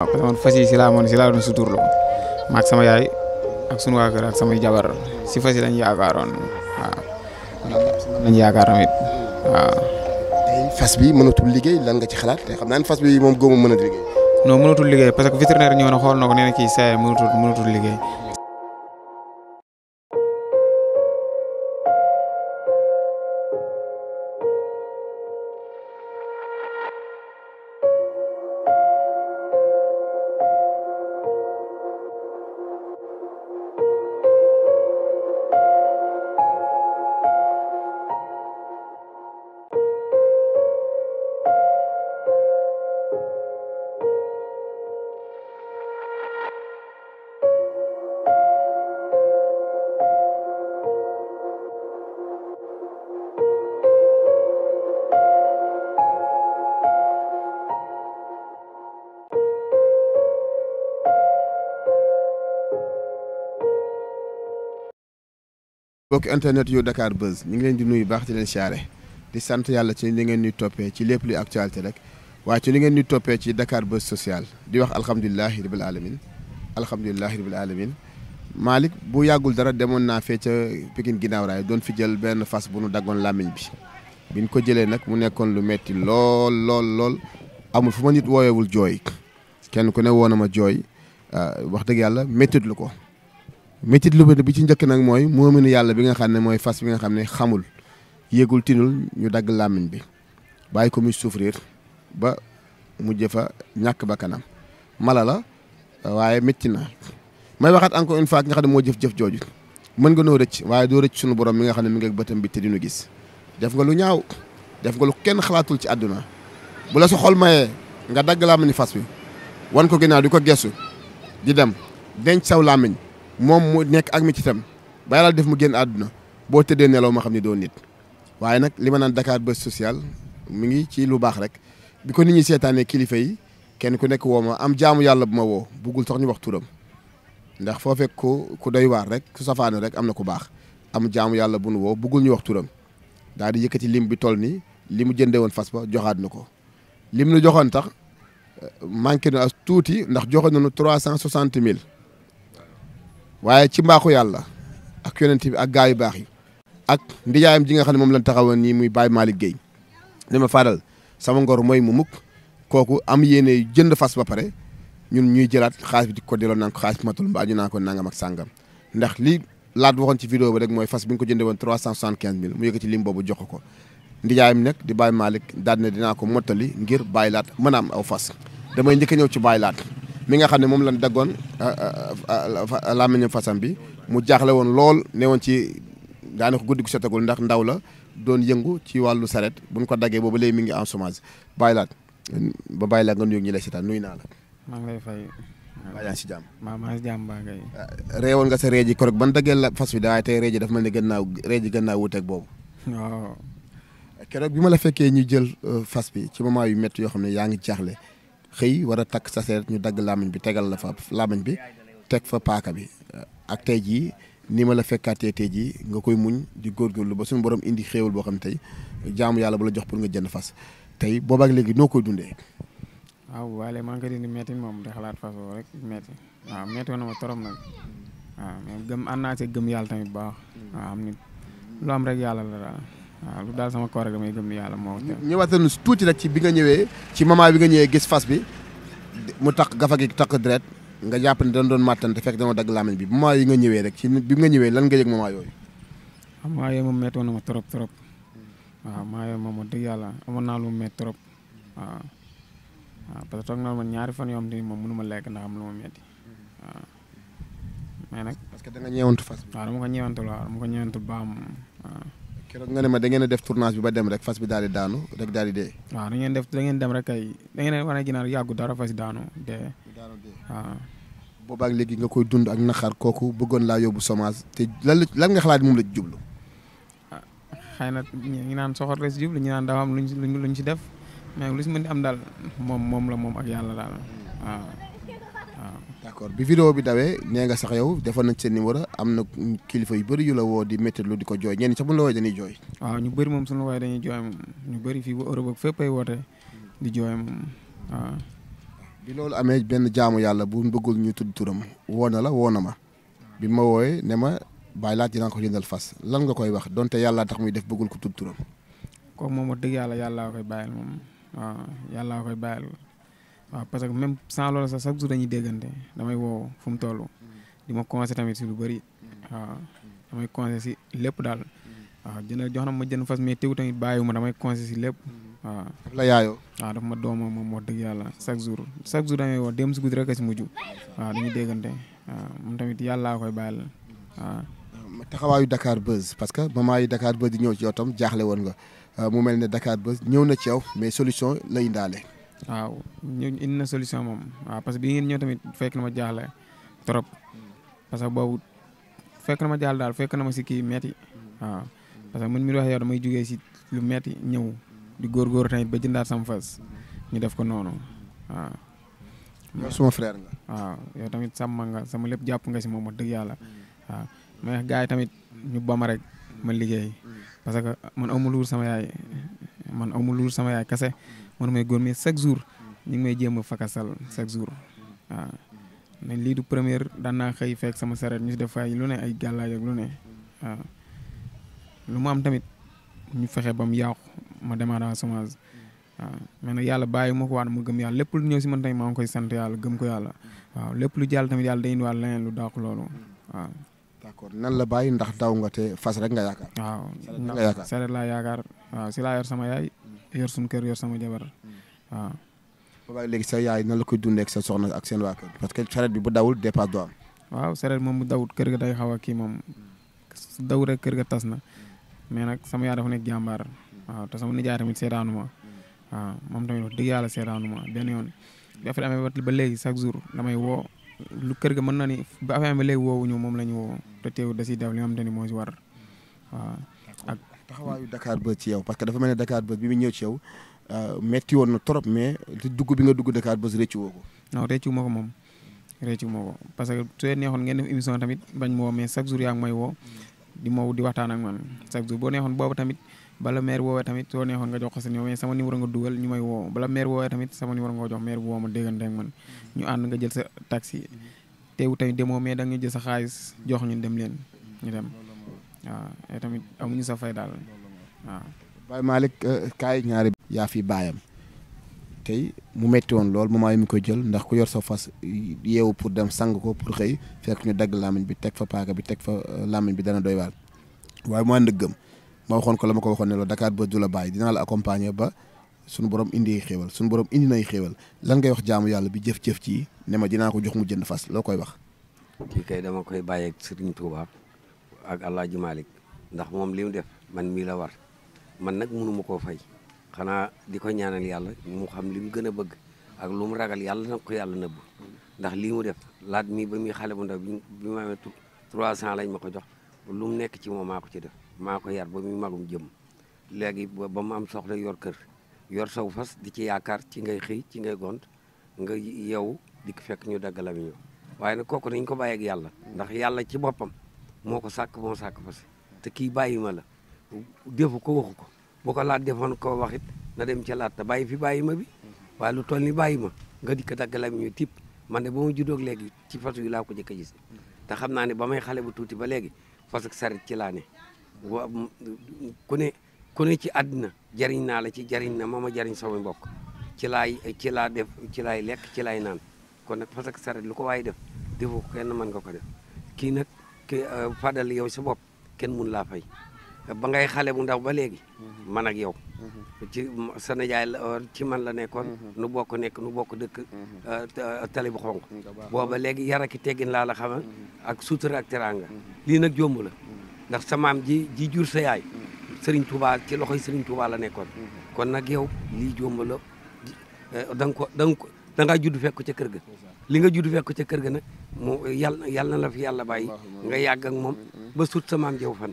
waaw parce que man fas yi si laa amoon sama yaay ak sunu waa kër ak samay jabar si fas yi lañ yaakaaroon waaw kon lañ yaakaaroon it waaw. tey fas bi mënatul liggéey lan ci xalaat te xam naa ne fas bi moom góobu mënatu liggéey. non mënatul liggéey parce que vétérinaire ñëw na xool na ko nee na kii liggéey. bokk internet yu Dakar Buzz ñu ngi leen di nuyu baax di leen siyaare di sant yàlla ci li ngeen ñuy toppee ci lépp luy actualité rek waaye ci li ngeen ñuy toppee ci Dakar Buzz social di wax alhamdulilahi rabil alamin alhamdulilahi rabil alamin Malick bu yàggul dara demoon naa fee ca Pikine ginnaaw raay doon fi jël benn fas bu nu daggoon làmmiñ bi biñ ko jëlee nag mu nekkoon lu metti lool lool lool amul fu ma nit wooyewul jooy kenn ku ne woon na ma jooy ah, wax dëgg yàlla méttit ko métit lu bëri bi ci njëkk nag mooy moominu yàlla bi nga xam ne mooy fas bi nga xam ne xamul yéegul tinul ñu dagg làmmiñ bi bàyyi ko muy souffrir ba mu jëfa ñàkk ba kanam mala la waaye metti na may waxaat encore une fois nga xam ne moo jëf-jëf jooju mën nga noo rëcc waaye doo rëcc sunu borom mi nga xam ne mi ngi ak bëtam bi te dinu gis def nga lu ñaaw def nga lu kenn xalaatul ci àdduna bu la sa xol mayee nga dagg làmmiñu fas bi wan ko ginnaaw di ko gesu di dem denc saw làmmiñ moom mu nekk ak metitam ba yàlla def mu génn àdduna boo tëddee nelaw ma xam ne doo nit waaye nag li ma naan Dakar Buzz sociale mu ngi ci lu baax rek bi ko nit ñi seetaanee kilifa yi kenn ku nekk woo ma am jaamu yàlla bu ma woo buggul sax ñu wax turam ndax foo fekk ku ku doy waar rek ku safaane rek am na ku baax am jaamu yàlla bu nu woo buggul ñu wax turam daal di yëkkati lim bi toll ni li mu jëndee woon fas ba joxaat na ko lim nu joxoon tax manqué na as tuuti ndax joxoon nañu trois cent soixante mille waaye ci mbaaxu yàlla ak yonent bi ak gaa yu baax yi ak ndijaayam ji nga xam ne moom lañ taxawoon nii muy Baye Malick Guèye li ma faadal sama ngor mooy mu mukk kooku am yéene jënd fas ba pare ñun ñuy jëlaat xaalis bi di ko delloo naan ko xaalis matul mbaa ñu naan ko nangam sàngam ndax li laat waxoon ci vidéo bi rek mooy fas bi ñu ko jëndee woon trois cent soixante quinze mille mu yëkkati lim boobu jox ko ndijaayam nag di Baye Malick daal ne dinaa ko mottali ngir bàyyi laat mën a am aw fas damay njëkk ñëw ci baay laat mi nga xam ne moom lañ daggoon ah, ah, ah, làmmiñu fasam bi mu jaaxle woon lool ne woon ci daanaka guddi gu setagul ndax ndaw la doon yëngu ci wàllu bu buñ ko daggee boobu léegi mi ngi en chômage bàyyi laat ba bàyyi laat nga nuyu ñu lay seetaan nuyu naa la. maa ngi lay fay. maa ngi si maa maa si jàmm baa ngay. réewoon nga sa réeji korog ban daggee la fas wi daawaay tey réeji dafa mel ne gannaaw réeji gannaaw wuuteeg boobu. waaw. bi ma la fekkee ñu jël euh, fas bi ci moment yu métti yoo xam ne yaa ngi jaaxle xëy war a takk seet ñu dagg làmmiñ bi tegal la fa làmmiñ bi teg fa paaka bi ak tey jii nii ma la fekkaatee tey jii nga koy muñ di góorgóorlu ba suñu borom indi xéewal boo xam tey jaamu yàlla bu la jox pour nga jënd fas tey boobaak léegi noo koy dundee. waaw waale maa ngi koy dindi métti moom di xalaat fas rek métti waaw métti woon na ma torop nag waaw mais gëm ànd naa ci gëm yàlla tamit baax. waaw am nit lu am rek yàlla la daal. waaw lu daal sama koor rek damay gëm ni yàlla moo ko ñëwaatal si tuuti rek ci bi nga ñëwee ci moment bi nga ñëwee gis fas bi mu taq gafa gi taq deret nga jàpp ne dañ doon màttante fekk dama dagg làmmiñ bi moment yi nga ñëwee rek ci bi nga ñëwee lan nga yëg moment yooyu ah, moment yooyu moom méttoon na ma trop trop waaw moment yooyu moom wax dëgg yàlla amoon naa lu mu métti trop waaw waaw parce que toog naa ma ñaari fan yoo xam ne moom mënu ma lekk ndax am lu ma métti waaw mais nag parce que da nga ñëwantu fas bi waaw dama ko ñëwantul waaw dama ko ñëwantul baax moom waaw keroog nga ne ma da ngeen def tournage bi ba dem rek fas bi daal di daanu rek daal di dee. waaw da def da ngeen dem rek kay da ngeen war a ginaar yàggu dara fas daanu dee. daanu boobaak léegi nga koy dund ak naxar kooku bëggoon laa yóbbu chômage te lan la nga xalaat moom la jublu. Ah, xëy na ñu ngi naan soxor la si jublu ñu naan daaw am luñ si luñ si def mais lu si mën di am daal moom moom la moom ak yàlla daal waaw. d'accord bi vidéo bi dawee nee nga sax yow defoon nañ seen numéro am na kilifa yu bari yu la woo di métti di ko jooy ñenn sax bu la wooyee dañuy jooy. waaw ñu bari moom suñu waaye dañuy jooy moom ñu bëri fii ba Europe ak fépp ay woote di jooy moom waaw. bi loolu amee benn jaamu yàlla bu bëggul ñu tudd turam woo na la woo na ma bi ma wooyee ne ma bàyyi laat dinaa ko jëndal fas lan nga koy wax donte yàlla tax muy def bëggul ko tudd turam. yàlla koy bàyyil moom yàlla koy bàyyil. waaw parce que même sans loolu sax chaque jour dañuy déggante damay woo fu mu toll. di ma conseillé tamit si lu bëri. waaw damay conseillé si lépp daal. waaw jox na ma jënd fas mais teew tamit bàyyiwu ma damay conseillé si lépp. waaw daf la yaayoo. waaw daf ma dooma moom wax dëgg yàlla chaque jour chaque jour damay woo dem si guddi rek dañuy déggante waaw moom tamit yàllaa koy bàyyil waaw. taxawaayu dakaar Buzz parce que moment yi Dakar Buzz di ñëw ci yow jaaxle woon nga mu mel ne Dakar Buzz ñëw na ci yow mais solution la indaale. waaw ñu indi na solution moom waaw parce que bi ngeen ñoo tamit fekk na ma jaaxle trop parce que boobu fekk na ma jaaxle daal fekk na ma si kii metti waaw parce que man mi wax yow damay jugee si lu metti ñëw di góorgóor tamit ba jëndaat sama fas ñu def ko noonu waaw. yow suma frère yow tamit sàmm nga sama lépp jàpp nga si moom ma dëgg yàlla waaw mais gars yi tamit ñu bama rek ma liggéey parce que man amul luur sama yaay man amul luur sama yaay kese. man mooy góor mais chaque jour ñu ngi may jéem a fakasal chaque jour waaw mais lii du première daan naa xëy fekk sama sareet ñu si def fay lu ne ay gàllaay ak lu ne lu mu am tamit ñu fexe ba mu yàqu ma demande en chômage waaw mais nag yàlla bàyyi ma ko waat moo gëm yàlla lépp lu ñëw si man tamit maa ngi koy sant yàlla gëm ko yàlla waaw lépp lu jàll tamit yàlla day indiwaat leneen lu dàq loolu waaw. d'accord nan la bàyyi ndax daw nga te fas rek nga yaakaar. waaw si laa yor sama yaay. yor suñu kër yor sama jabar hmm. waaw. boobaag léegi sa yaay na la koy dundee sa soxna ak seen waa kër parce que sareet bi bu dawul dépasse du am. waaw sareet moom bu dawul kër ga day xaw kii moom su rek kër ga tas na mais nag sama yaay dafa nekk jàmbaar waaw te sama nijaay tamit seetaanu ma waaw moom tamit wax dëgg yàlla seetaanu ma benn yoon. bi affaire amee ba léegi chaque jour may woo lu kër ga mën na ni ba affaire amee ba léegi woowuñu moom la ñu woo te teewul da siy def li nga xamante ni moo si war. waaw ak ah. taxawaayu Dakar ci yow parce que dafa mel ne Dakar Buzz bi mu ñëw ci yow euh, metti woon na trop mais li dugg bi nga dugg Dakar Buzz réccu woo ko. non réccu ma ko moom réccu ma ko parce que neexoon ngeen def émission tamit bañ ma mais chaque jour yaa ngi may waxtaan ak man chaque boo neexoon boobu tamit bala maire woowee tamit soo neexoon nga jox ko sa numéro mais sama numéro nga dugal ñu may woo bala maire woowee tamit sama numéro nga jox maire bu woo ma déggante ak man ñu ànd nga jël sa taxi teewu tamit demoo mais da nga jël sa xaalis jox ñun dem leen ñu dem. waaw te tamit amuñu sa fay daal waaw. Baye Malick euh, kaay ñaari. yaa fi baayam tey mu metti woon lool moom a mu koy jël ndax ku yor sa fas yeewu pour dem sang ko pour xëy fekk ñu dagg làmmiñ bi teg fa paaka bi teg fa euh, làmmiñ bi dana doy waar. waaye moo ndëggam ma waxoon ko la ma ko waxoon ne la dakaar ba du la bàyyi dinaa la accompagner ba suñu borom indi xéewal suñu borom indi nay xéewal lan ngay wax jaamu yàlla bi jëf-jëf ci ne ma dinaa ko jox mu jënd fas loo koy wax. kii kay dama koy bàyyeeg Serigne Touba. ak Alaaji Malick ndax moom li mu def man mii la war man nag mënuma koo fay xanaa di ko ñaanal yàlla mu xam li mu gën a bëgg ak lu mu ragal yàlla na ko yàlla nëbb ndax lii mu def laat mii ba muy xale bu ndaw bi trois cent lañ ma ko jox lu mu nekk ci moom maa ci def maa yar ba muy magum jëm léegi ba mu am soxla yor kër yor saw fas di ci yaakaar ci ngay xëy ci ngay gont nga yow di fekk ñu daggalami ñëw waaye nag kooku nañ ko bàyyi yàlla ndax yàlla ci boppam moo ko sàkk moo sàkk fas te kii bàyyi ma la defu ko waxu ko bu ko laat defoon ko waxit na dem ca laat te bàyyi fi bàyyi ma bi waaye lu toll ni bàyyi ma nga dikk dagg la ñu tipp man de ba léegi ci fas laa ko jëkk gis te xam naa ne ba may xale bu tuuti ba léegi fas ak sarit ci laa ne ku ne ci àddina jariñ naa la ci jariñ na ma ma jariñ sama mbokk ci laay ci laa def ci laay lekk ci laay naan kon nag fas ak saret lu ko waaye def defu ko kenn mën nga ko def kii nag ke eh, Fadel yow sa bopp kenn mun laa fay ba ngay xale bu ndaw ba léegi mhm. man ak yow mhm. sa nijaay la ci man la nekkoon mhm. nu bokk nekk nu bokk dëkk eh, eh, tali bu xonq booba léegi yar ak teggin laa la xam ak sutura ak teranga lii nag jomb la ndax sa maam ji ji jur sa yaay sëriñ Touba ci loxoy Serigne Touba la nekkoon kon nag yow li jomb la da nga ko da ko da ngaa judd fekk ca kër ga li nga judd fekk ca kër ga na mu yal yal na la fi yàlla bàyyi nga yàgg ak moom ba sut sa maam jëw fan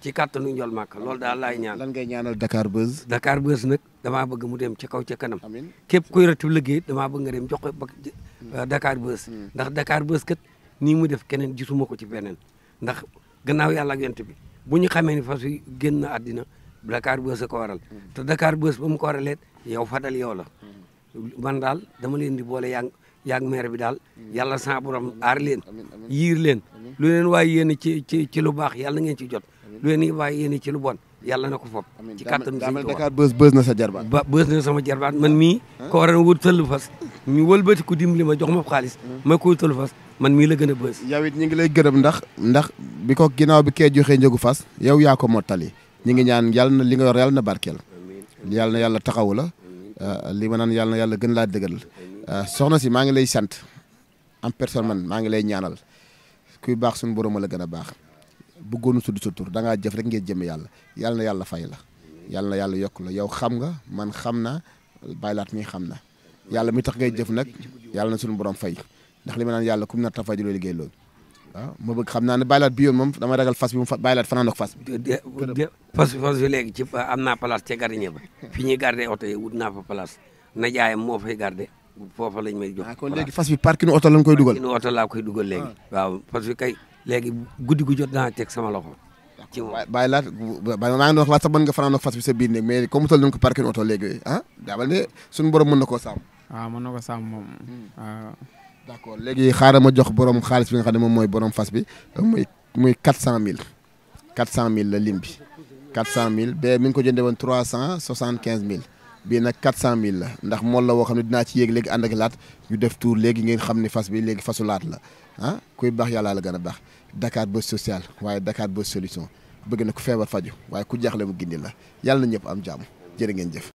ci kàttanu njol màkk loolu daal laay ñaan lan ngay ñaanal Dakar Buzz Dakar Buzz nag bëgg mu dem ca kaw ca kanam képp kuy ratib liggéey damaa bëgg nga dem jox ko hmm. euh, Dakar Buzz hmm. ndax Dakar Buzz kat nii mu def keneen gisuma ko ci beneen ndax gannaaw yàlla ak yent bi bu ñu xamee ni fas yi génn na àddina Dakar Buzz a ko waral hmm. te dakaar Buzz ba mu ko waralee yow fadal yow la man daal dama leen di boole yaa yaag maire bi daal mm. yàlla sa borom aar leen yiir leen lu leen waaye yéen ci ci ci lu baax yàlla ngeen ci jot lu waaye yéen ci lu bon yàlla na ko fopp ci kattan bi Dakar bës bës na sa jarbaat ba bës na sama jarbaat man mii ko waroon wut tëll fas ñu wëlbati ko dimbali ma jox ma xaalis ma koy tëll fas man mii la gën a bës yow ñu ngi lay gërëm ndax ndax bi ko ginnaaw bi kee joxee njëgu fas yow yaa ko mottali ñi ngi ñaan yàlla na li nga yor yàlla na barkeel yàlla na yàlla taxawu la Euh, lii ma naan yàlla yàlla gën laa dëgal euh, soxna si maa ngi lay sant am personne man maa ngi lay ñaanal kuy baax suñu borom a la gën a baax bëggoonu tudd sa tur da ngaa jëf rek ngeen jëme yàlla yàlla na yàlla fay la yàlla na yàlla yokk la yow xam nga man xam na baylaat mi xam na yàlla mi tax ngay jëf nag yàlla na suñu borom fay ndax li ma naan yàlla kum na tafay di loo liggéey loolu waaw ma bëgg xam naa ne bàyyilaat bi yoon moom dama ragal fas bi mu fa bàyyilaat fanaan ak fas bi fas fas bi léegi ci am naa place ca gardien ba fi ñuy gardé oto yi wut ah, oto lañ koy dugal parking oto laa koy dugal léegi ah. waaw fas bi kay léegi guddi gu jot naa teg sama loxo ci moom bàyyi laat maa ngi doon wax laat sax mën nga fanaan ak fas bi sa biir néeg mais comme ko parking oto léegi ah daabal ne suñu borom mën na koo sàmm waaw ah, mën na ko sàmm moom hmm. d' accord léegi xaaral ma jox borom xaalis bi nga xam ne moom mooy borom fas bi muy muy quatre cent mille quatre cent mille la lim bi quatre cent mille bee mi ngi ko jëndee woon trois cent soixante quinze mille bii nag quatre cent mille la ndax mool la woo xam ne dinaa ci yéeg léegi ànd ak laat ñu def tour léegi ngeen xam ni fas bi léegi fasu laat la ah kuy baax yàllaa la gën a baax Dakar Buzz social waaye Dakar Buzz solution bëgg na ku feebar faju waaye ku jaaxle mu gindi la yàlla ñëpp am jàmm jërë ngeen jëf